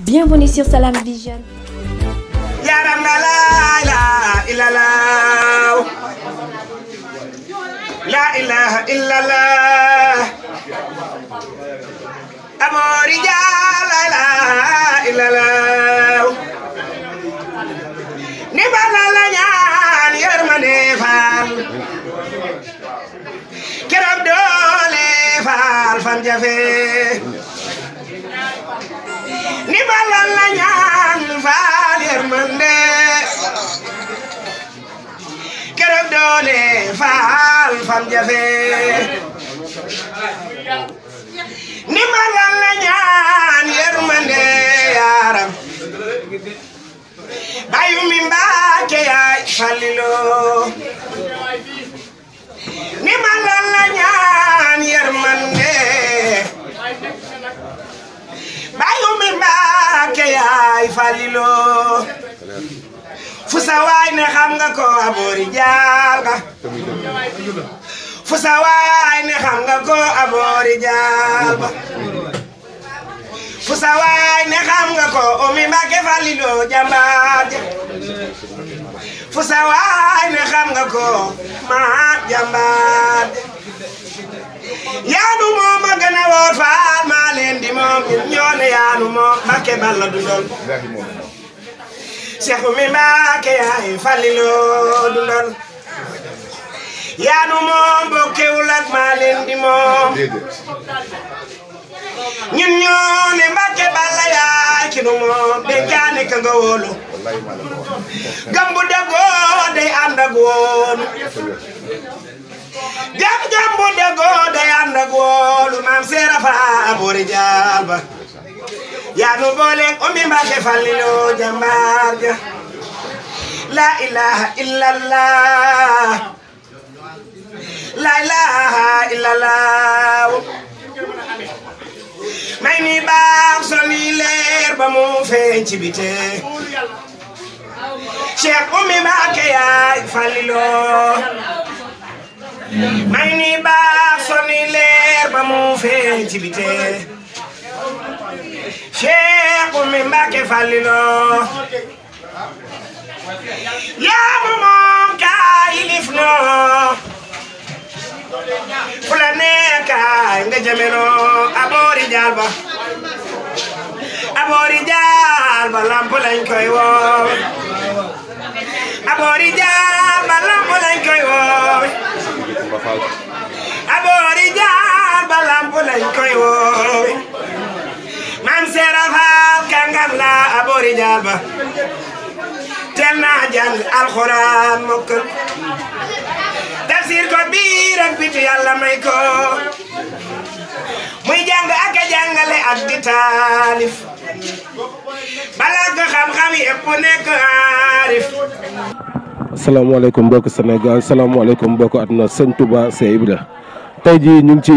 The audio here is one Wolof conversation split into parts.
Bienvenue sur Salam Vision. Yaram na la ilaha illallah. La ilaha illallah. Amori ja la ilaha illallah. Ni bala la ñaan yermane faal. Keroog doole faal fan jafe. ndimbalal la ñaan faal yërmande keroog doole faal fam jafe ndimbalal la ñaan yërmande yaaram bayu mi mbaake yaay falilo ndimbalal la ñaan yërmande falilo fu sa ne xam nga ko aboori jaal fu sa ne xam nga ko aboori jaal fu sa ne xam nga ko omi Mbàkke falilo jàmbaar ja fu sa ne xam nga ko ma jàmbaar ja yaanu moom ma gën a faal maa di moom ñoo ne yaanu moom Mbàkke Balla dundal Seexu mi Mbàkke yaay Falliloo dundal yaanu moom bokkewul ak maa di moom ñun ñoo ne Mbàkke Balla yaay ki nu moom dénkaane ka nga wóolu gam bu dagoo day ànd ak woon jam-jam bu déggoo day seera fa abori jaal ba yaa nu ummi Mbàkke Falliloo jàmbaar ja la ilaha may ni baax soli leer ba mu feeñ ci bite Cheikh ummi Mbàkke yaay Falliloo may ni baax sonni leer ba mu feeñ ci bite Cheikh Oumy Mbacké Fallilo yaa mu moom kaa yilif noo fu nga jëme noo aboori jaal ba aboori jaal ba lamp koy woo aboori jaar ba lamb lañ koy wooy aboori jaar ba lamb lañ koy aboori jaar ba teel naa jàng alxuraan mokkal tafsir ko biir ak bitu yàlla may ko muy jàng ak a jàngale di taalif balaa nga xam-xam yëpp nekk aarif. salaamaaleykum mbokki Sénégal salaamaaleykum mbokki àdduna sëñ Touba Seye Ibra tey jii ñu ngi ci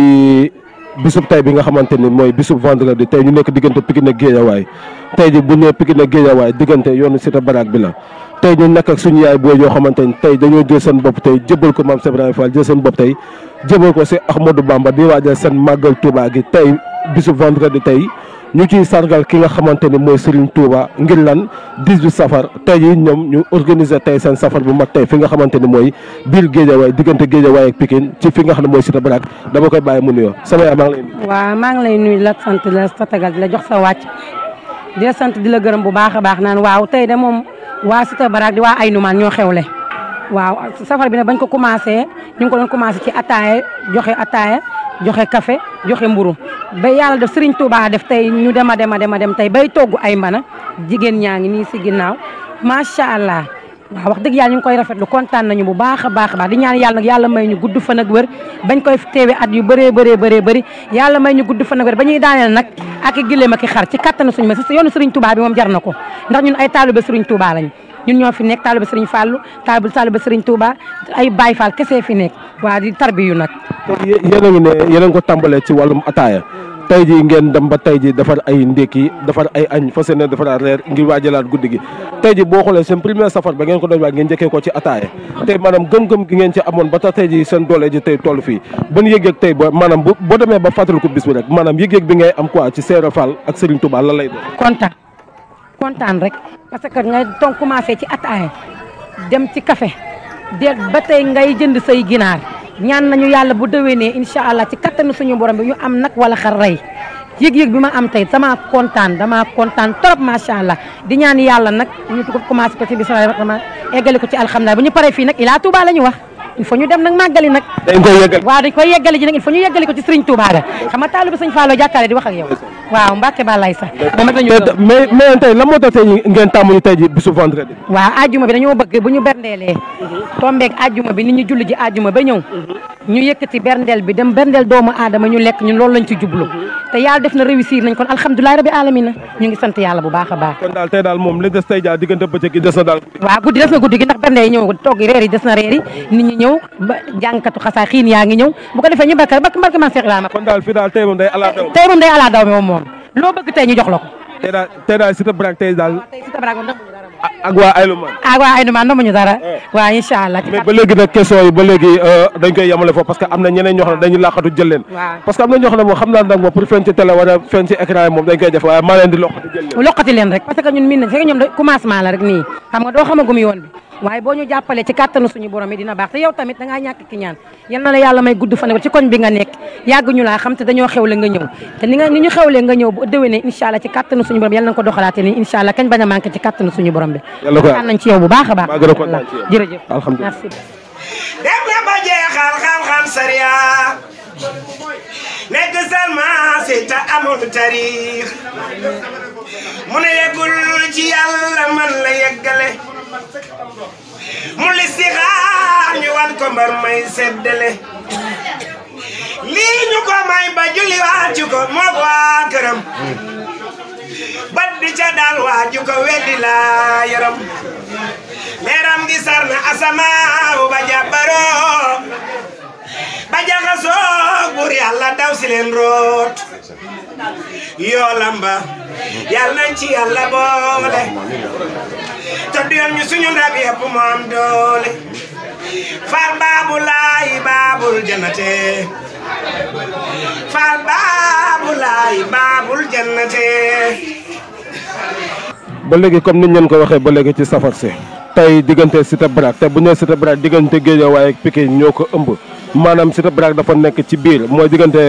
bisub tey bi nga xamante ni mooy bisub vendredi tey ñu nekk diggante Pikine ak Guédiawaye tey ji bu ñu nee Pikine ak diggante yoonu Cité Baraak bi la. tey ñu nekk suñu yaay boo yoo xamante ni tey dañoo jël seen bopp tey jëbal ko maam Cheikh Ibrahima jël seen bopp tey jëbal ko si Ahmadou Bamba di waajal seen màggal tubaa gi tey bisub vendredi tey. ñu ciy sargal ki nga xamante ni mooy Serigne Touba ngir lan 18 safar tey yi ñoom ñu organiser tey seen safar bu mag tey fi nga xamante ni mooy biir Géejawaay diggante Géejawaay ak Pikine ci fi nga xam ne mooy Cité Brac dama koy bàyyi mu nuyoo sama yaay maa ngi lay nuyu. la sant la sa tagal di la jox sa wàcc di la sant di la gërëm bu baax a baax naan waaw tey de moom waa Cité Brac di waa Aynoumane ñoo xewle. waaw safar bi nag bañ ko commencé ñu ko doon commencé ci ataaya joxe ataaya joxe café joxe mburu ba yàlla def Serigne Touba def tey ñu dem a dem a dem a dem tey bay togg ay mbana jigéen ñaa ngi nii si ginnaaw macha allah waaw wax dëgg yàlla ñu ngi koy rafetlu kontaan nañu bu baax a baax baax di ñaan yàlla yàlla may ñu gudd fan ak wër bañ koy teewe at yu bëree bëree bëree bëri yàlla may ñu gudd fan ak wër ba ñuy daaneel nag ak i gileem i xar ci kattanu suñu ma si yoonu Serigne Touba bi moom jar na ko ndax ñun ay taalibe Serigne Touba lañu ñun ñoo fi nekk taaliba sëriñ Fallou taaliba taaliba sëriñ Touba ay Baye Fall kese fi nekk waa di tarbiyu nag. kon yéen ko tàmbalee ci wàllum ataaya tey jii ngeen dem ba tey jii defar ay ndékki defar ay añ fas yéene defaraat reer ngir waajalaat guddi gi tey jii boo xoolee seen première safar ba ngeen ko doon waaj ngeen njëkkee ko ci ataaya tey maanaam gëm-gëm gi ngeen ci amoon ba tax tey jii seen doole ji tey toll fii ban yëg-yëg tey ba maanaam boo demee ba fàttaliku bis bi rek maanaam yëg bi ngay am quoi ci Seera Fall ak Serigne Touba kontaan rek parce que nga ton commencé ci ataaya dem ci kafe de ba tey ngay jënd say ginaar ñaan nañu yàlla bu déwénee incha allah ci kattanu suñu borom bi ñu am nag wala xar rey yëg-yëg bi ma am tey sama kontaan damaa kontaan trop macha allah di ñaan yàlla nag ñu ko commencé ko ci bisimilah eggale ko ci alhamdulilah bu ñu paree fii nag ilaa Touba la ñu wax. il faut ñu dem nag màggali nag dañ koy yeggal waaw dañ koy yeggali ji nag il faut ñu yeggali ko ci sëriñ Touba xam nga taalu bi sëñ Fallou jàkkaale di wax ak yow waaw Mbacke Balaye sax ñu tey ji bisu vendredi bu ñu ba ñëw ñu yëkkati berndeel bi dem berndeel doomu aadama ñu te na réussir nañ kon alhamdulilahi rabi alamina ñu ngi sant yàlla bu baax a baax kon daal tey daal moom li des tey jaa diggante bëccëg gi des na daal waaw guddi des na guddi gi ndax bernde ñëw togg reer des na reer yi nit ñëw ba jànkatu xasaa waa Aylouman eh. allah ba léegi nag question ba léegi euh, dañ koy yemale foofu parce que am na ñeneen ñoo dañu làqatu jël parce que am na ñoo moom xam naa nag moom pour fen ci télé wala fen ci écran moom dañ koy def waaye maa leen di loqati jël parce que ñun miin nañ fekk ñoom commencement la rek nii xam nga doo xamagum yoon waaye boo ñu jàppalee ci kàttanu suñu borom dina baax te yow tamit da ngaa ki ñaan yal la yàlla may gudd fan ci koñ bi nga nekk yàgg ñu laa xam te dañoo xewle nga ñëw te ni nga ñu xewlee nga ñëw bu déwénee incha allah ci kàttanu suñu borom yal ko doxalaate ni incha allah kañ bañ a manqué ci kàttanu suñu borom bi kontaan ci yow bu baax baax jërëjëf alhamdulilah merci dem na ba jeexal xam-xam nekk seulement si te amul tarix mu ne yeggul ci yàlla man la yeggale mu listixaar ñu wan ko mbar may seddale lii ñu ko may ba julli waaju ko moo waa këram bat di ca daal waaju ko weddi laa yaram leeram gi sar na asamaaw ba jàbbaroo ba jaxasoo bur yàlla daw si leen root yoolam ba yàlla ci yàlla boole te duyal ñu suñu ndab yépp mu am doole fal baabu laay baabul jannate fal baabu laay baabul jannate ba léegi comme niñ leen ko waxee ba léegi ci safar si tey diggante Cité Brack te bu ñu nee Cité Brack diggante Guédiawaye ak Pikine ñoo ko ëmb maanaam Cité Brac dafa nekk ci biir mooy diggante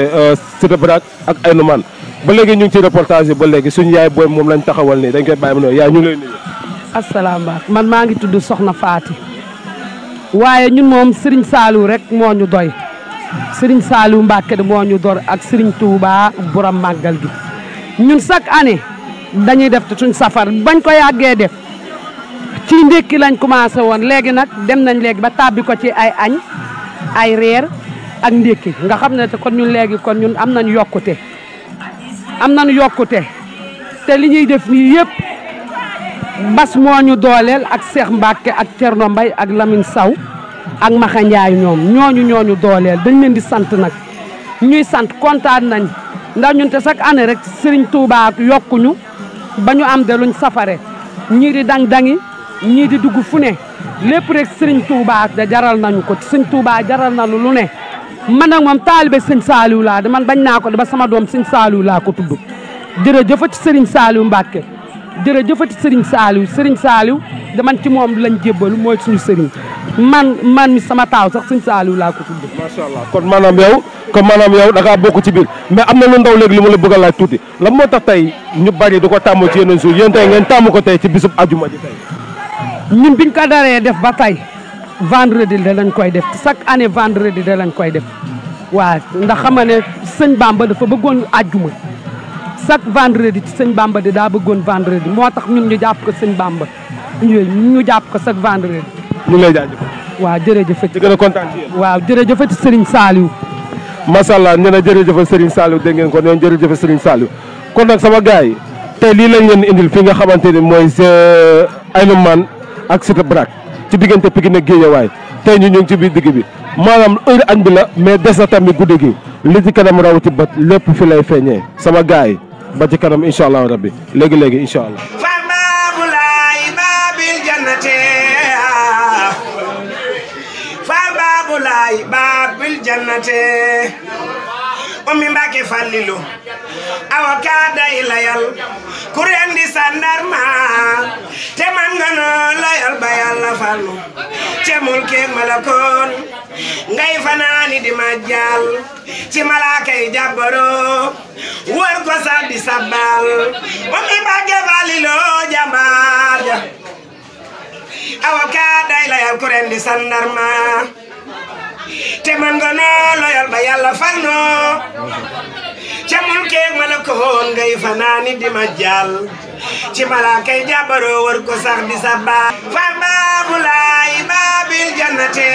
Cité euh, Brac ak Aynou Man ba léegi ñu ngi ci reportage yi ba léegi suñu yaay booy moom lañ taxawal nii dañ koy bàyyi mu ne yaay ñu ngi lay nuyu. asalaamaaleykum man maa ngi tudd Soxna Faati waaye ñun moom Serigne Saliou rek moo ñu doy Serigne Saliou Mbacke moo ñu dor ak Serigne Touba borom màggal gi ñun chaque année dañuy def suñ safar bañ ko yàggee def. ci ndékki lañ commencé woon léegi nag dem nañ léegi ba tàbbi ko ci ay añ. ay reer ak ndékki nga xam ne te kon ñu léegi kon ñun am nañ yokkute am nañ yokkute te li ñuy def nii yëpp bas moo ñu dooleel ak Cheikh Mbacke ak Thierno Mbaye ak lamin Saw ak Maxa Ndiaye ñoom ñooñu ñooñu dooleel dañ leen di sant nag ñuy sant kontaan nañ ndax ñunte te chaque année rek Serigne Touba yokkuñu ba ñu am de luñ safare ñii di ñii di dugg fu ne lépp rek sëriñ Touba da jaral nañu ko sëñ Touba jaral nañu lu ne man nag moom taalibe sëñ Saliou laa man bañ naa ko ba sama doom sëñ Saliou laa ko tudd jërëjëfati sëriñ Saliou Mbacke jërëjëfati sëriñ Saliou sëriñ Saliou da man ci moom lañ jébbalu mooy suñu sëriñ man man mi sama taaw sax sëñ Saliou laa ko tudd. macha allah kon maanaam yow kon maanaam yow da ngaa ci biir mais am na lu ndaw léegi li ma la bëgg a laaj tuuti lan moo tey ñu bari du ko ci yeneen suuf yéen tey ngeen tàmm ko tey ci bisub ajuma ji tey ñun biñ ko daree def ba tey vendredi da lañ koy def chaque année vendredi de lañ koy def waa ndax xam nga ne sëñ Bamba dafa bëggoon àjjuma chaque vendredi ci sëñ Bamba di daa bëggoon vendredi moo tax ñun ñu jàpp ko sëñ Bamba ñu jàpp ko chaque vendredi. ñu ngi lay jaajëfal. waaw jërëjëf. di gën a kontaan ci yéen. waaw jërëjëfati Serigne Saliou. macha allah ñu ne jërëjëf Serigne Saliou dégg ngeen ko ñoom jërëjëf Serigne Saliou kon nag sama gars yi tey lii lañ leen indil fi nga xamante ni mooy Aïnou Mane ak Siteu Brac ci diggante Pikine ak tey ñu ñu ci biir digg bi maanaam heure añ bi la mais des na tamit guddi gi li ci kanam raw ci lépp fi lay feeñee sama gars yi ba ci kanam incha allah rabbi léegi léegi incha allah. babil jannate ummi Mbàkke Fàllilu awa kaada i layal ku rendi sandarma te man nga noo layal ba Yàlla fallu te mul keek malakoon ngay fanaani di majjal ci malaaka yi jàbbaroo war ko sa di sabbal ummi Mbàkke Fàllilu jàmbaar ja awa kaada i layal ku rendi sandarma te man nga ba yàlla fal noo ca mun keeg ma la ko hoon ngay fanaani di ma jàll ci malaaka yi war ko sax di sa baa baabu laay baabil jannate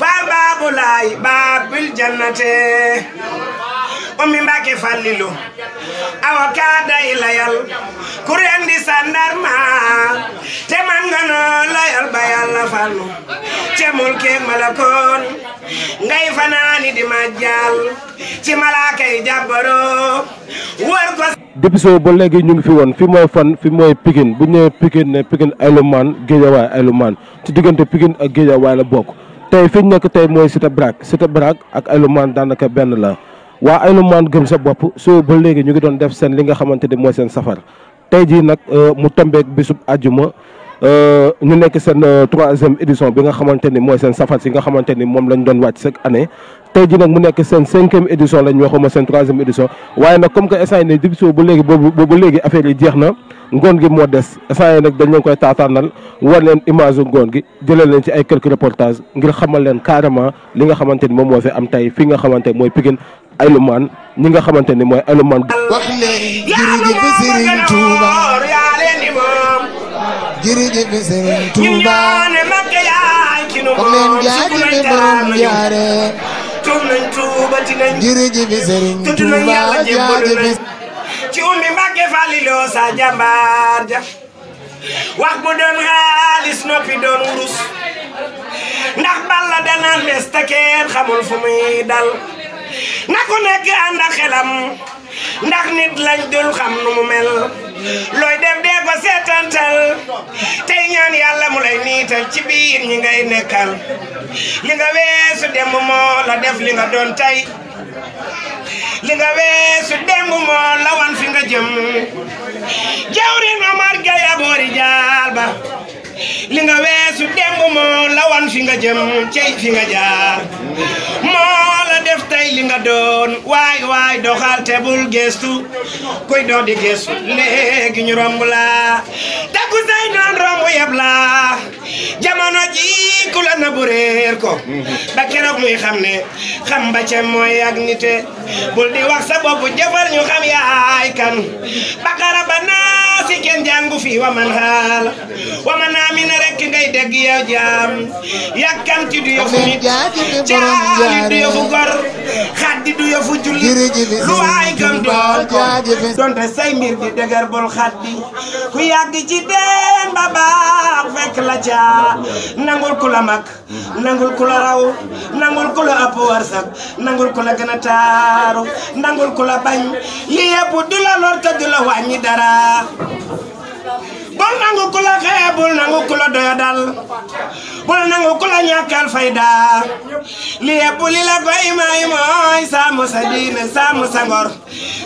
fa baabu laay baabil jannate ummi Mbàkke Fallilu awa kaada i layal kureen di sandarma te man nga noo layal ba Yàlla fallu ce mulke malakoon ngay fanaani di majjal ci malaaka yi jàbbaroo ko depuis soo ba léegi ñu ngi fi woon fi mooy fan fi mooy Pikine bu ñëwee Pikine ne Pikine ay lu maan Géejawaay ay lu maan ci diggante Pikine ak Géejawaay la bokk tey fi ñu nekk tey mooy Cité Brac Cité Brac ak ay lu daanaka benn la waa ay maan gëm sa bopp soo ba léegi ñu ngi doon def seen li nga xamante ni mooy seen safar tey jii nag euh, mu tombeek bisub àjjuma euh, ñu nekk seen euh, troisième édition bi nga xamante ni mooy seen safar si nga xamante ni moom lañ doon wàcc chaque année tey jii nag mu nekk seen cinquième édition lañ waxuma seen troisième édition waaye nag comme que instant yi ne dibiso ba léegi boobu ba léegi affaire jeex na ngoon gi moo des instant yi nag dañ leen koy taataanal war leen image ngoon gi jëlee leen ci ay quelques reportages ngir xamal leen carrément li nga xamante ni moom moo fi am tey fi nga xamante mooy Pikine Elimane ñi nga xamante ni mooy Elimane wax ne jërëjëf Serigne Touba jërëjëf Serigne Touba wax leen jaajëfe borom jaare jërëjëf Serigne Touba jaajëfe ci umi Mbàkke faliloo sa jàmbaar ja wax bu doon xaalis noppi doon wurus ndax balla danaan mes te xamul fu muy dal na ku nekk ànd ak xelam ndax nit lañ dul xam nu mu mel looy def dee ko seetantal tey ñaan yàlla mu lay niital ci biir ñi ngay nekkal li nga weesu démb moo la def li nga doon tey li nga weesu démb moo la wan fi nga jëm jawrin Omar Gueye aboori jaal ba li nga weesu démb moo la wan fi nga jëm cey fi nga jaar moo la def li nga doon waay waay doxal te bul gestu kuy dox di gestu léegi ñu romb la takku say noon romb yeb la jamono ji ku la na bu réer ko ba keroog muy xam ne xam ba ca mooy ak nite bul di wax bopp jëfal ñu xam yaay kan bakara ba naa fi kenn jàngu fi wa man xaal wa man amina rek ngay dégg yow jaam yàkkamti du yofu nit caali gor xaddi du yofu jullit lu waay doon ko donte say mbir di xaddi ku yàgg ci deen ba baax fekk la ca nangul ku la mag nangul ku la raw nangul ku la ëpp wërsëg nangul ku la gën a nangul ku la bañ li yëpp du la lor du la wàññi dara bul nangu ku la xee bul nangu ku la doyadal bul nangu ku la ñàkkal fayda li yëpp li la koy may mooy sàmm sa diine sàmm sa ngor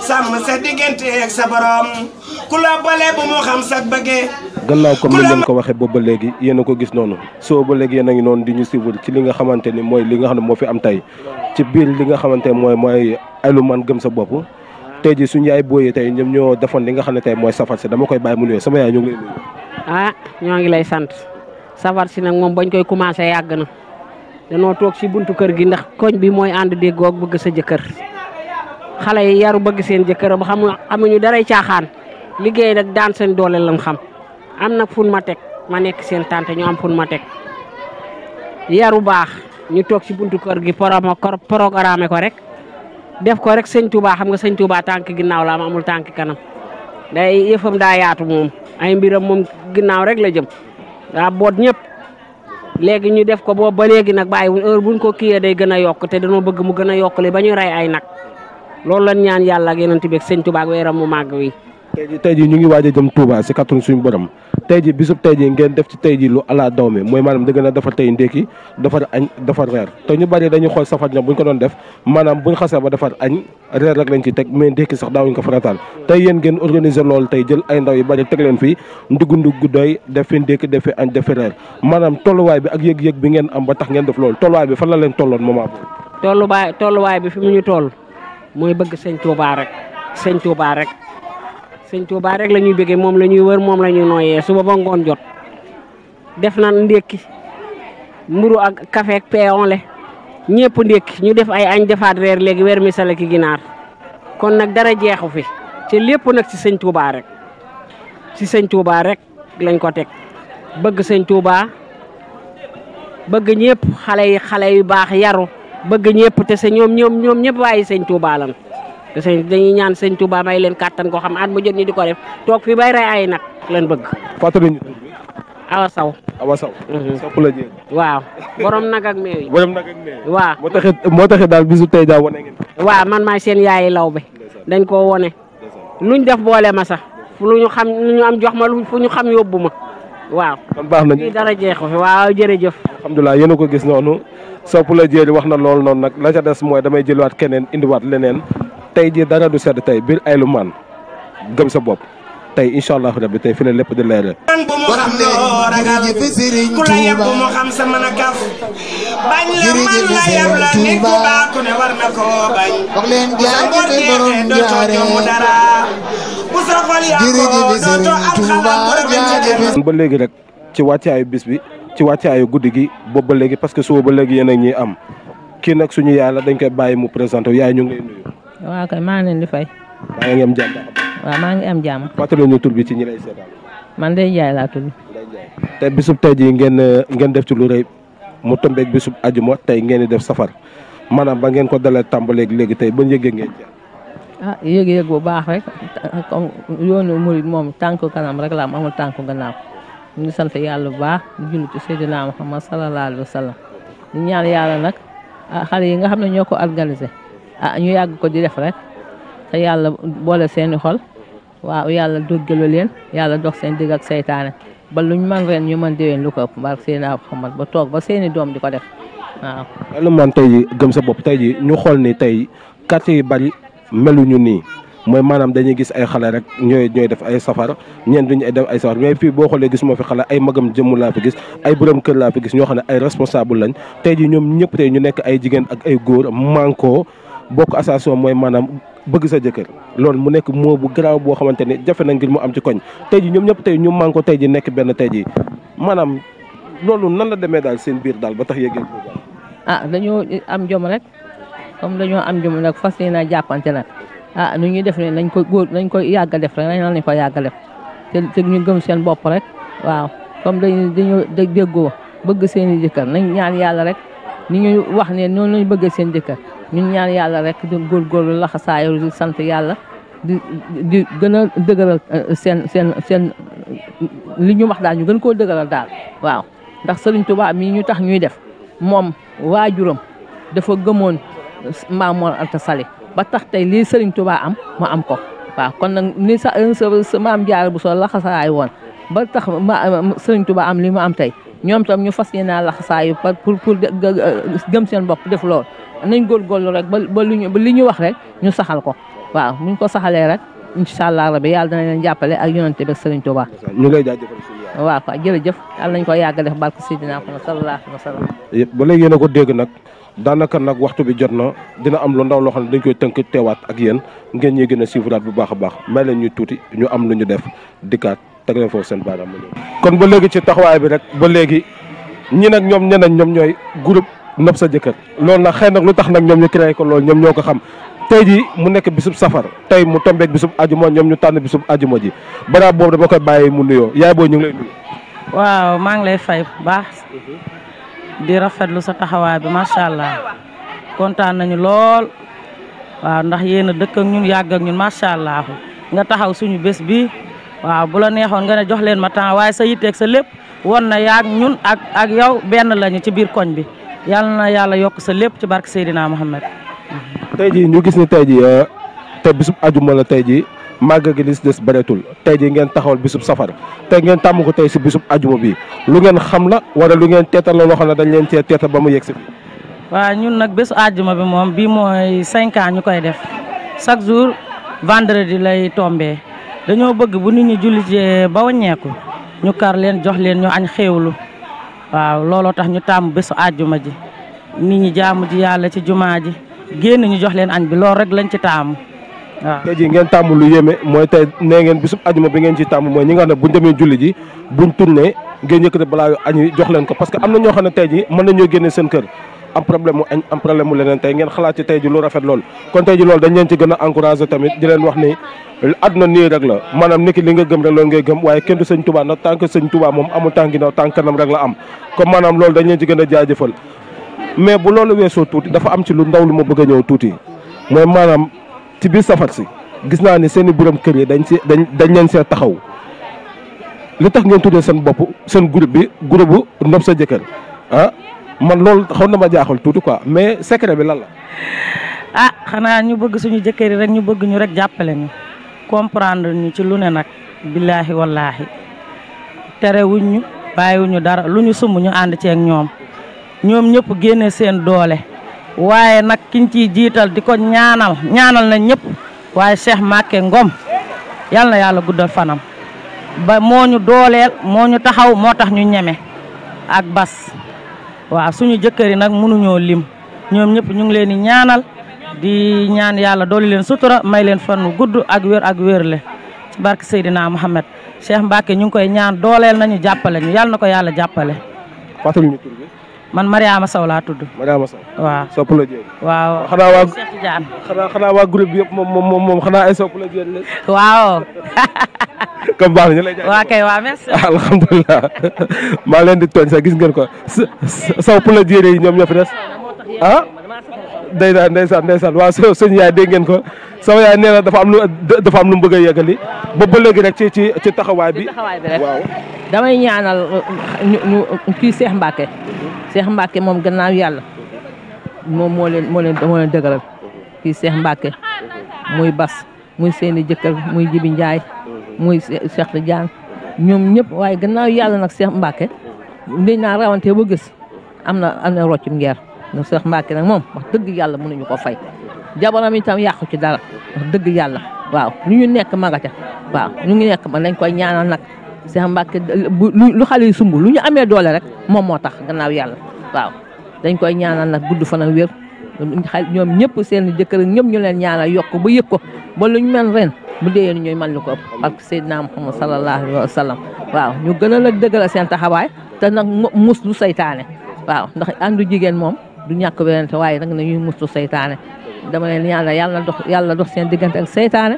sàmm sa diggante ak sa borom ku la boole bu mu xam sa bëggee gannaaw comme ni leen ko waxee boobu ba léegi yéen ko gis noonu soo ba léegi yéen a ngi noonu di ñu suivre ci li nga xamante ni mooy li nga xam ne moo fi am tay ci biir li nga xamante mooy mooy aylu man gëm sa bopp tey jii suñu yaay booyee tey ñoom ñoo defoon li nga xam ne tey mooy safar si dama koy bàyyi mu nuyoo sama yaay ñu ngi lay ah, ñoo ngi lay sant safar si nag moom bañ koy commencé yàgg na danoo toog si buntu kër gi ndax koñ bi mooy ànd déggoo ak bëgg sa jëkkër xale yi yaru bëgg seen jëkkër ba xamu amuñu daray caaxaan liggéey nag daan seen doole lam xam am nag fun ma teg ma nekk seen tante ñu am fun ma teg yaru baax ñu toog si buntu kër gi programme ko rek. def ko rek sëñ Touba xam nga sëñ Touba tànk ginnaaw la am amul tànk kanam day yëfam daa yaatu moom ay mbiram moom ginnaaw rek la jëm daa boot ñëpp léegi ñu def ko boobu ba léegi nag bàyyi wuñ heure buñ ko kiyee day gën a yokk te dañoo bëgg mu gën a yokkale ba ñu rey ay nag loolu lan ñaan yàlla ak yeneen tibet sëñ Touba ak weeram mu màgg wi. tey jii jii ñu ngi waaj a jëm Touba si kàttanu suñu borom tey ji bisub tey ji ngeen def ci tey ji lu ala daw mi mooy maanaam dëgg na defar tey ndékki defar añ defar reer te ñu bari dañuy xool safar ñoom bu ñu ko doon def maanaam bu ñu xasee ba defar añ reer rek lañ ci teg mais ndékki sax daawuñ ko farataal tey yéen ngeen organiser loolu tey jël ay ndaw yu bari teg leen fii ndugg ndugg doy def fi ndékki def fi añ def fi reer maanaam tolluwaay bi ak yëg-yëg bi ngeen am ba tax ngeen def loolu tolluwaay bi fan la leen tolloon moment boobu tolluwaay tolluwaay bi fi mu ñu sëñ Tuubaa rek la ñuy bëggee moom la ñuy wër moom la ñuy nooyee suba ba ngoon jot def na ndékki mburu ak café ak ñépp le ñu def ay añ defaat reer léegi weer misala ki ginaar kon nag dara jeexu fi te lépp nag ci sëñ Tuubaa rekk ci sëñ Tuubaa rek lañ ko teg bëgg sëñ Tuubaa bëgg ñëpp xale yi xale yu baax yaru bëgg ñëpp te sa ñoom ñoom ñoom ñëpp bàyyi sëñ Tuubaa lan te sëñ dañuy ñaan sëñ Touba may leen kàttan koo xam at mu jot di ko def toog fii bay rey ay nag leen bëgg. fàttali ñu tur bi. la jéem. waaw borom nag ak meew yi. borom nag ak meew waaw moo taxit moo taxit daal bisu tey daal wane waaw man maay seen yaayi law bi dañ koo wone luñ def boole ma sax ñu xam jox ma lu fu ñu xam yóbbu ma waaw. kon baax nañu dara jeex fi waaw jërëjëf. alhamdulilah yéen a ko gis noonu sopp la jéem wax na loolu noonu nag la ca des mooy damay jëlwaat keneen indiwaat leneen tey jii dara du sedd tey biir ay lu maan gëm sa bopp tey incha allahu rabbi tey fi la lépp di leeral. bu mu xam loo ragal ku la yab bu mu xam sa mën a kaf bañ la man la yab la nit ku baax ku ne war na koo bañ. bu sa bor jeexee dootoo jëmu dara bu sa xol yàqoo dootoo am xalaat bu rafet ci dem. ba léegi rek ci wàccaayu bis bi ci wàccaayu guddi gi boobu ba léegi parce que suba ba léegi yéen a ñuy am kii nag suñu yàlla dañ koy bàyyi mu présenté yaay ñu ngi lay nuyu. waaw maa ngi leen di fay. maa maa ngi am jàmm. fàttali ñu tur bi ñi lay seetaan. man day jaay laa tudd. tey bisub tey jii ngeen ngeen def ci lu rëy mu tombeeg bisub ajuma tey ngeen def safar maanaam ba ngeen ko dalee tàmbaleeg léegi tey ba yëgee ngeen jàpp. Ah, bu baax rek comme yoonu moom tànku kanam rek la am amul tànku gannaaw ñu ngi sant yàlla bu baax di julli ci Seydina Muhammad sallallahu alayhi wa sallam di ñaan ah, yi nga xam ne ñoo ko organisé. ah ñu yàgg ko di def rek te yàlla boole seeni xol waaw yàlla doggalu leen yàlla dox seen digg ak seytaane ba luñ man ren ñu mën déwén lu ko ëpp barke seen ab ba toog ba seeni doom di ko def waaw. Elimane tey gëm sa bopp tey jii ñu xool ni tey quartier yu bari meluñu nii. mooy maanaam dañuy gis ay xale rek ñooy ñooy def ay safar ñeen duñu def ay safar mais boo xoolee gisuma fi xale ay magam jëmm laa fi gis ay borom kër laa fi gis ñoo xam ne ay responsable lañ tey ji ñoom ñëpp tey ñu nekk ay jigéen ak ay góor manko bokk association mooy maanaam bëgg sa jëkkër loolu mu nekk moo bu garaaw boo xamante ne jafe na ngir mu am ci koñ tey ji ñoom ñëpp tey ñu man ko tey ji nekk benn tey ji maanaam loolu nan la demee daal seen biir daal ba tax yéegeen ah dañoo am jom rek comme dañoo am jom rek fas yéene jàppante a ah nu ñuy def ne nañ ko góor nañ ko yàgg a def rek nañ lañ ko yàgg a def te ñu gëm seen bopp rek waaw comme dañu dañoo déggoo bëgg seen i jëkkër nañ ñaan yàlla rek ni ñuy wax ne noonu lañ bëgg seen jëkkër ñu ñaan yàlla rek di góor laxasaayu di sant yàlla di di gën a dëgëral euh, seen seen seen li ñu wax daal ñu gën koo dëgëral daal waaw ndax Sëriñ Tuubaa mii ñu tax ñuy def moom waajuram dafa gëmoon Maam Mor Anta ba tax tey lii Sëriñ Tuubaa am mu am ko waaw kon nag ni sa sa maam Jaara bu soo laxasaay woon ba tax ma Sëriñ Tuubaa am li mu am tey ñoom tam ñu fas yéenaa laxasaayu pour pour gëm seen bopp def lool nañ góorgóorlu rek ba ba ñu li ñu wax rek ñu saxal ko waaw mu buñ ko saxalee rek incha allah rabi yàlla dana leen jàppale ak yonante bi ak sëriñ Tuubaa. ñu ngi lay jaajëfal waaw ko jërëjëf yàlla ko yàgg def barke Seydina ko sallallahu alayhi wa sallam. ba léegi yéen ko dégg nag daanaka nag waxtu bi jot na dina am lu ndaw loo xam ne dañ koy tënk teewaat ak yéen ngeen ñuy gën a suivre bu baax a baax may leen ñu tuuti ñu am lu ñu def dikkaat teg leen foofu seen baaraam kon ba léegi ci taxawaay bi rek ba léegi ñi nag ñoom ñeneen ñoom ñooy groupe nopp sa jëkkër loolu nag xëy nag lu tax nag ñoom ñu créé ko loolu ñoom ñoo ko xam tey mu nekk bisub safar tey mu tombeek bisub ajuma ñoom ñu tànn bisub ajuma ji bara boobu dama koy bàyyi mu nuyoo yaay booy ñu ngi lay waaw maa ngi lay fay bu baax di rafetlu sa taxawaay bi macha allah kontaan nañu lool waaw ndax yéen a dëkk ak ñun yàgg ak ñun macha allah nga taxaw suñu bés bi waaw bu la neexoon nga ne jox leen ma temps waaye sa yitteeg sa lépp won na yaag ñun ak ak yow benn lañu ci biir koñ bi yàlla na yàlla yokk sa lépp ci barke Seydina Mohamed. tey jii ñu gis ne tey ji euh, te bisub ajuma la tey ji màgg gi li si des bëreetul tey jii ngeen taxawal bisub safar te ngeen tàmm ko tey si bisub ajuma bi lu ngeen xam la wala lu ngeen teetal la loo xam ne dañ leen cee teetal ba mu yegg si. waaw ñun nag bésu ajuma bi moom bii mooy cinq ans ñu koy def chaque jour vendredi lay tombee dañoo bëgg bu nit ñi jullit ba wàññeeku ñu kar leen jox leen ñu añ xéewlu waaw looloo tax ñu taamu bésu àjjuma ji nit ñi jaamu ji yàlla ci jumaa ji génn ñu jox leen añ bi loolu rek lañ ci taamu waaw tey ngeen tàmm lu yéeme mooy tey nee ngeen bisub ajuma bi ngeen ci tàmm mooy ñi nga xam ne buñ demee julli ji buñ tourné ngeen yëkkati balaa yu añu jox leen ko parce que am na ñoo xam ne tey jii mën nañoo génne seen kër am problème mu añ am problème leneen tey ngeen xalaat ci tey ji lu rafet loolu kon tey ji loolu dañ leen ci gën a encouragé tamit di leen wax ni àdduna nii rek la maanaam nit li nga gëm rek loolu ngay gëm waaye kenn du sëñ Tuubaa nag tant que sëñ Tuubaa moom amul tànk ginnaaw tànk kanam rek la am comme maanaam loolu dañ leen ci gën a jaajëfal mais bu loolu weesoo tuuti dafa am ci lu ndaw lu ma bëgg a ñëw tuuti mooy maanaam ci biir safar si gis naa ni seen i borom kër yi dañ si dañ dañ leen see taxaw li tax ngeen tuddee seen bopp seen groupe bi groupe bu ndob sa jëkkër ah man loolu xaw na ma jaaxal tuuti quoi mais secret bi lan la. ah xanaa ñu bëgg suñu jëkkër yi rek ñu bëgg ñu rek jàppale ñu comprendre ñu ci lu ne nag billaahi wallaahi terewuñ ñu bàyyiwuñu dara lu ñu sumb ñu ànd ceeg ñoom ñoom ñëpp génne seen doole waaye nag kiñ ci jiital di ko ñaanal ñaanal nañ ñëpp waaye Cheikh Macké Ngom yal na yàlla guddal fanam ba moo ñu dooleel moo ñu taxaw moo tax ñu ñeme ak bas waaw suñu jëkkër yi nag mënuñoo lim ñoom ñëpp ñu ngi leen di ñaanal di ñaan yàlla dooli leen sutura may leen fan wu gudd ak wér ak wérle ci barke Seydina Mohamed Cheikh Mbacke ñu ngi koy ñaan dooleel nañu jàppale ñu yàlla na ko yàlla jàppale. man Mariama Sow laa tudd. Mariama Sow waaw sopp la jéen. waaw xanaa waa Cheikh Tidiane. xanaa xanaa waa groupe bi yëpp moom moom moom xanaa ay sopp la jéen la. na ñu lay jaajëfal waaw leen di tooñ sax gis ngeen ko sopp la jéen yi ñoom ñoo fi des ah. ndeysaan ndeysaan ndeysaan waaw sëñ yaay dégg ngeen ko soo yaay nee na dafa am lu dafa am lu bëgg a yeggali ba ba léegi nag ci ci taxawaay bi waaw damay ñaanal uh, ñu kii Cheikh Mbacke Cheikh Mbacke moom gannaaw yàlla moom moo leen moo leen moo leen dëgëral kii Cheikh Mbacke muy Bas muy seeni jëkkër muy Jibi Njaay muy Cheikh Tidiane ñoom ñëpp waaye gannaaw yàlla nag Cheikh Mbacke liñ naa rawante ba gis am na am na roccum ñoom Seex Mbàkke nag moom wax dëgg yàlla mënuñu ko fay jabaram itam yàqu ci dara wax dëgg yàlla waaw lu ñu nekk ma nga ca waaw ñu ngi nekk man lañ koy ñaanal nag Seex Mbàkke lu xale yi sumb lu ñu amee doole rek moom moo tax gannaaw yàlla waaw dañ koy ñaanal nag gudd fana ak wér ñoom ñëpp seen jëkkër ñëpp ñu leen ñaanal yokk ba yëg ko ba lu ñu mel ren bu déyeen ñooy man lu ko ëpp parce que Seydina Muhammad sallallahu alayhi waaw ñu gën a la dëggal seen taxawaay te na mus lu saytaane waaw ndax àndu jigéen moom du ñàkk werante waaye nag na ñuy mustu seytaane dama leen ñaanal yàlla dox yàlla dox seen diggante ak seytaane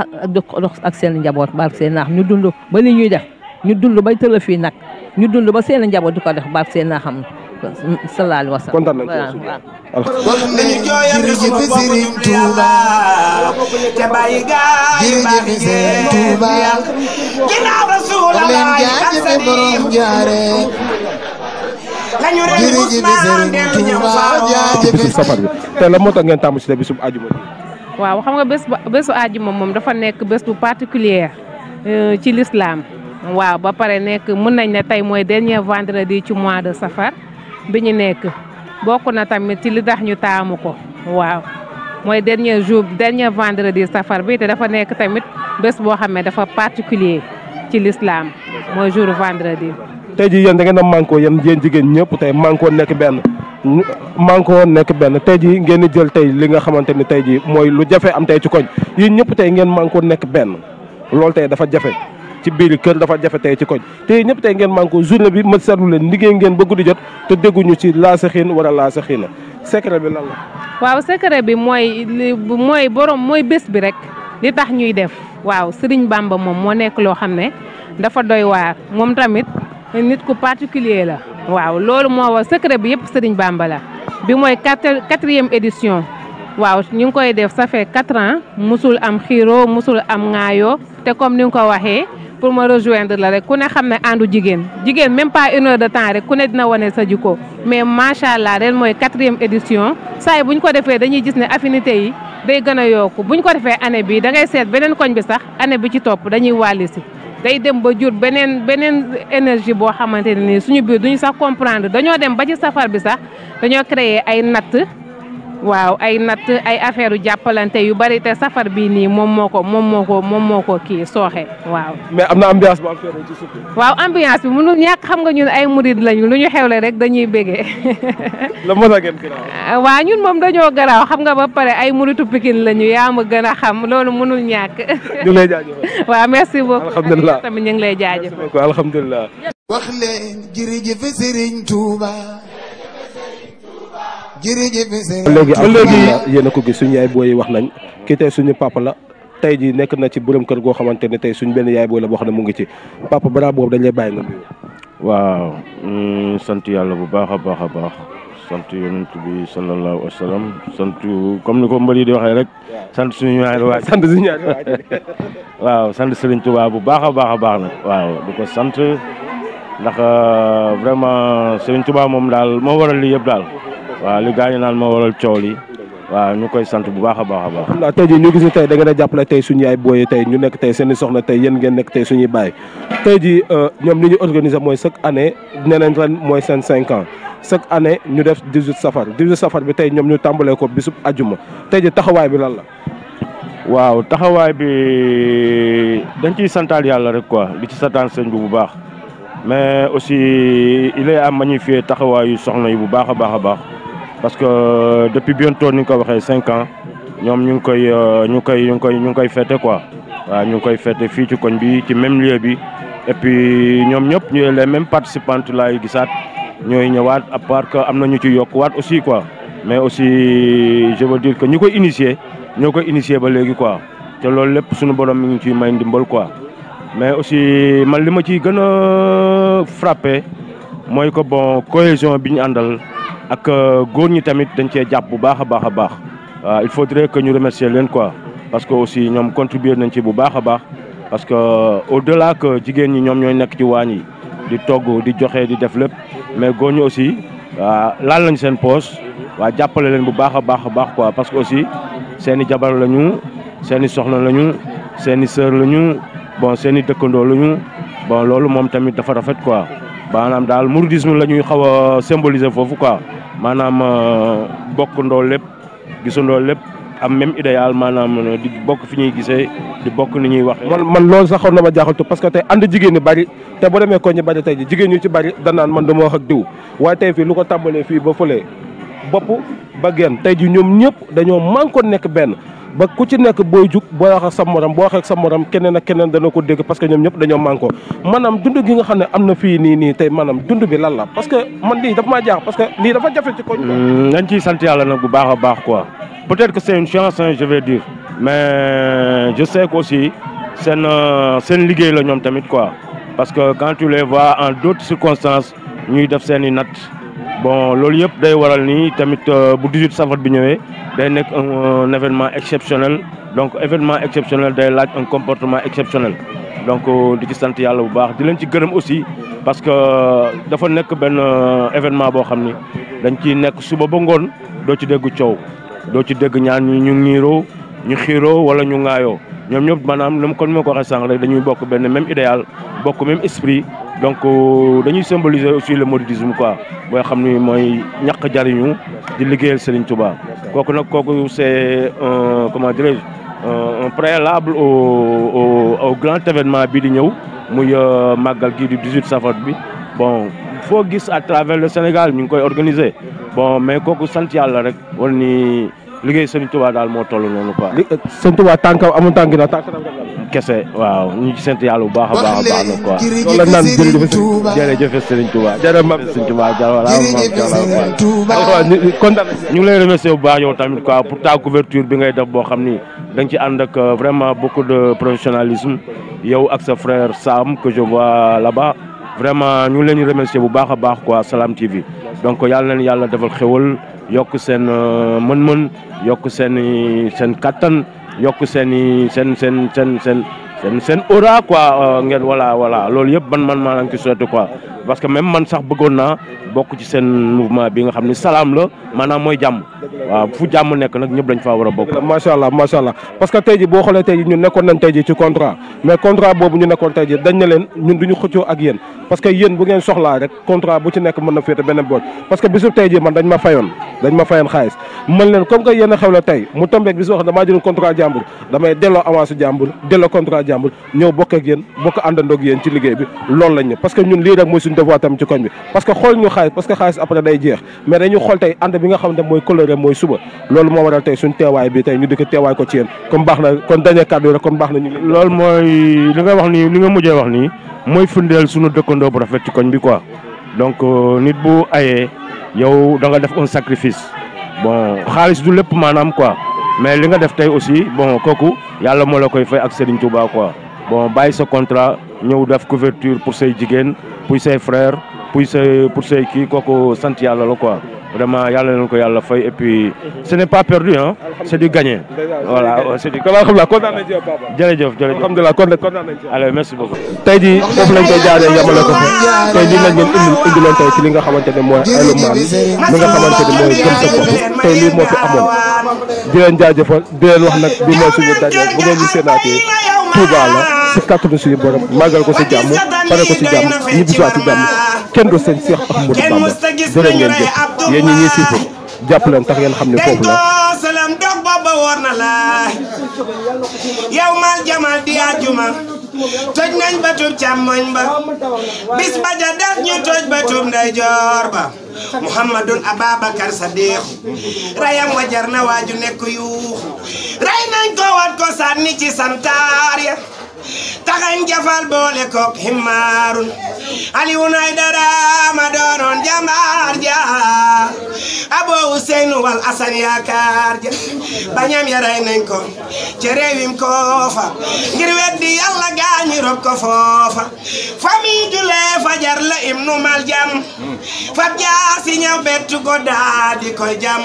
ak dox ak seen njaboot barke seen naax ñu dund ba li ñuy ñu dund bay tëla fii ñu dund ba seen njaboot di ko def barke seen naaxam sallallahu alayhi wa sallam kontaan nañu jooyal ñu suma te la moo tax ngeen tàmm si la waaw xam nga bés bésu ajuma moom dafa nekk bés bu particulier euh, ci lislaam waaw ba pare nekk mën nañ ne tey mooy dernier vendredi ci mois de safar bi ñu nekk bokk na tamit ci li tax ñu taamu ko waaw mooy dernier jour dernier vendredi safar bi te dafa nekk tamit bés boo xam ne dafa particulier ci lislaam mooy jour vendredi tey jii yéen da ngeen a mànkoo yéen yéen jigéen ñëpp tey mànkoo nekk benn mànkoo nekk benn tey jii ngeen jël tey li nga xamante ni tey jii mooy lu jafe am tey ci koñ yéen ñëpp tey ngeen mànkoo nekk benn loolu tey dafa jafe ci biir kër dafa jafe tey ci koñ tey ñëpp tey ngeen mànkoo journée bi ma seetlu leen liggéey ngeen ba guddi jot te dégguñu ci laasa xiin wala laasa xiina secret bi lan la. waaw secret bi mooy mooy borom mooy bés bi rek li tax ñuy def waaw Serigne Bamba moom moo nekk loo xam ne dafa doy waar moom tamit nit ku particulier la waaw loolu moo war secret bi yëpp Serigne Bamba la bi mooy quatrième édition waaw ñu ngi koy def ça fait quatre ans musul am xiiro musul am ŋaayoo te comme ni nga ko waxee pour ma rejoindre la rek ku ne xam ne àndu jigéen jigéen même pas une heure de temps ku ne dina wane sa jikko mais macha allah ren mooy quatrième édition saa yi bu ñu ko defee dañuy gis ne affinité yi day gën a yokku bu ñu ko defee année bi da ngay seet beneen koñ bi sax année bi ci topp dañuy wàlli si day dem ba jur beneen beneen énergie boo xamante ne nii suñu biir duñu sax comprendre dañoo dem ba ci safar bi sax dañoo créer ay natt waaw ay natt ay affaire jàppalante yu bari te safar bii nii moom moo ko moom moo ko moom moo ko kii sooxee waaw. mais am na ambiance bu am fii ci waaw ambiance bi mënul ñàkk xam nga ñun ay murid lañu lu ñu xewle rek dañuy bégee. la mos gën garaaw. Ah, waaw ñun moom dañoo garaaw xam nga ba pare ay muritu Pikine lañu yaa ma gën a xam loolu mënul ñàkk. ñu ngi lay jaajëfal. waaw merci beaucoup alhamdulilah lay jaajëfal. merci alhamdulilah. wax leen jërëjëf Serigne Touba. léegi ba léegi yéen ko gis suñu yaay booy yi wax nañ kii tey suñu papa la tey ji nekk na ci borom kër goo xamante ne tey suñu benn yaay booy la boo xam ne mu ngi ci papa bara boobu dañ lay na nga waaw mm, sant yàlla bu baax a baax a baax sant yonent bi sallallahu sant comme ni ko mbër di waxee rek sant suñu ñaari waay sant suñu ñaari waay sant Serigne Touba bu baax a baax a baax nag waaw du ko sant ndax euh, vraiment Serigne Touba moom daal moo waral lii yëpp daal waaw li gaañu naan moo waral coow li waaw ñu koy sant bu baax a baax a baax. tey jii ñu gis ne tey da ngeen a jàppale tey suñu yaay booyee tey ñu nekk tey seeni i soxna tey yéen ngeen nekk tey suñuy baay tey jii euh, ñoom li ñu organiser mooy chaque année neneen nañ ren mooy seen cinq ans chaque année ñu def 18 safar 18 safar bi tey ñoom ñu tàmbalee ko bisub ajuma tey jii taxawaay bi lan la. waaw taxawaay bi dañ ciy santaal yàlla rek quoi di ci santaan sëñ bi bu baax mais aussi il est à magnifier soxna yi bu baax a baax a baax. parce que euh, depuis bientôt ni nga ko waxee cinq ans ñoom ñu ngi koy euh, ñu koy ñu ngi koy ñu ngi koy fêté quoi ñu ngi koy fêté fii ci koñ bi ci même lieu bi et puis ñoom ñëpp ñu les mêmes participantes laay gisaat ñooy ñëwaat à part que am na ñu ci yokk waat aussi quoi mais aussi je veux dire que ñi koy initier ñoo koy initier ba léegi quoi te loolu lépp suñu borom mi ngi ciy may ndimbal quoi mais aussi man li ma ciy gën a frappé mooy que bon cohésion bi ñu àndal ak euh, góor ñi tamit dañ cee jàpp bu baax a baax a baax euh, il faudrait que ñu remercier leen quoi parce que aussi ñoom contribuer nañ ci bu baax a baax parce que euh, au delà que jigéen ñi ñoom ñooy nekk ci waañ yi di togg di joxe di def lépp mais góor ñi aussi laal nañ seen poche waa jàppale leen bu baax a baax a baax quoi parce que aussi seen i jabar la ñu seen i soxna la ñu seen i sœur la ñu bon seen i dëkkandoo la ñu bon loolu moom tamit dafa rafet quoi. maanaam daal mouridisme la ñuy xaw a symboliser foofu quoi maanaam bokk euh, bokkandoo lépp gisandoo lépp am même idéal maanaam euh, di bokk fi ñuy gisee di bokk ni ñuy wax man man loolu sax xaw na ma jaaxal parce que tey ànd jigéen ñi bari te bu demee ko ñu bari tey jigéen ñu ci bari danaan man dama wax ak diw waaye tey fii lu ko tàmbalee fii ba fële bopp ba genn tey ji ñoom ñëpp dañoo mànkoo nekk benn. ba ku ci nekk boo jug boo wax ak sa boo waxee ak sa morom keneen a keneen dana ko dégg parce que ñoom ñëpp dañoo mànkoo maanaam dund gi nga xam ne am na fi nii nii tey maanaam dund bi lan la parce que man lii dafa maa jaax parce que lii dafa jafe ci koñ mm, nañ ciy sant yàlla nag bu baax a baax quoi peut-être que c'est une chance hein, mais je sais que seen euh, seen liggéey la ñoom tamit quoi parce que quand tu les vois en d'autres circonstances ñuy def seen i nat bon loolu yëpp day waral ni tamit euh, bu 18 safar bi ñëwee day nekk un événement exceptionnel donc événement exceptionnel day laaj un comportement exceptionnel donc euh, di ci sant yàlla bu baax di leen ci gërëm aussi parce que euh, dafa nekk benn événement boo xam ni dañ ciy nekk suba ba ngoon doo ci dégg coow doo ci dégg ñaan ñu ñu ñiiroo ñu xiiroo wala ñu ŋaayoo ñoom ñëpp maanaam ñoom comme ni ma ko waxee sànq rek dañuy bokk benn même idéal bokk même esprit donc euh, dañuy symboliser aussi le mouridisme quoi booy xam ni mooy ñàkk jariñu di liggéeyal Serigne Touba. kooku nag kooku c'est un comment dirais-je un préalable au grand événement bi di ñëw muy euh, màggal gi du 18 safar bi bon foo gis à travers le Sénégal ñu ngi koy organiser bon mais kooku sant yàlla rek war liggéey sëñ Touba daal moo toll noonu quoi. li sëñ Touba tànkam amul tànk na tànk kese waaw ñu ngi sant yàlla bu baax a baax a baax nag quoi loolu la naan jërëjëf Serigne Touba jërëjëf Serigne Touba jërëjëf kon ñu ngi lay remercier bu baax yow tamit quoi pour ta couverture bi ngay def boo xam ni da ci ànd ak euh, vraiment beaucoup de professionnalisme yow ak sa frère Sam que je vois là-bas vraiment ñu ngi leen di remercier bu baax a baax quoi Salam TV donc yàlla na yàlla defal xéwal. yokk seen euh, mën-mën yokk seen seen kattan yokk seen i seen seen seen seen seen seen aura quoi euh, ngeen voilà voilà loolu yëpp man man maa leen ko souhaité parce que même man sax bëggoon naa bokk ci seen mouvement bi nga xam ni salaam la maanaam mooy jàmm waaw fu jàmm nekk nag ñëpp lañ faa war a bokk macha allah macha allah parce que tey ji boo xoolee tey ñun nekkoon nañ tey ci contrat mais contrat boobu ñu nekkoon tey dañ leen ñun duñu xëccoo ak yéen parce que yéen bu soxlaa rek contrat bu ci nekk mën na féete benn boot parce que bisu tey ji dañ ma fayoon dañ ma fayoon xaalis man leen comme que yéen a suñu devoir tam ci koñ bi parce que xool ñu xaalis parce que xaalis après day jeex mais dañu xool tey ànd bi nga xam ne mooy coloré mooy suba loolu moo waral tey suñu teewaay bi tey ñu di teewaay ko ci yéen comme baax na kon dernier li nga wax nii li nga mujjee wax nii mooy firndeel suñu euh, def couverture pour say jigéen pour ses frères pour ses pour ses kii kooku sant yàlla la quoi vraiment yàlla leen ko yàlla fay et ce n'est pas perdu c'est du gagné voilà c'est du alhamdulilah kontaan nañ tey jii foofu lañ koy jaaree yamale ko tey lii lañ leen indi li nga xamante ne mooy Allé Marème nga xamante ne mooy gëm tey lii moo fi amoon di leen jaajëfal di leen wax nag bi mooy suñu daje bu ngeen ñu séenaatee Touba la si kattanu suñu borom màggal ko si jàmm pare ko si jàmm ñibbi si waat si jàmm kenn du sëñ Cheikh Ahmadou Bamba jërë ngeen jëf yéen ñi ñuy siifal jàpp leen tax ngeen xam ne foofu la. yow mal jamal di ajuma toj nañ bëtub càmmoñ ba bis ba ja def ñu toj bëtub ndeyjoor ba muhammadun ababakar sadiq rayam wajar na waaju nekk yuuxu ray nañ ko wat ko sànni ci santaar ya taxañ jafal boole kook himmaarun Alioune Aïdara ma doonoon jàmbaar ja Abou Ousseynou wal yaakaar ja bañam yaray nañ ko ci réewim koofa ngir weddi yàlla gaañi rob foofa famille julee fajar la im jam fab jaasi ñaw bettu ko jam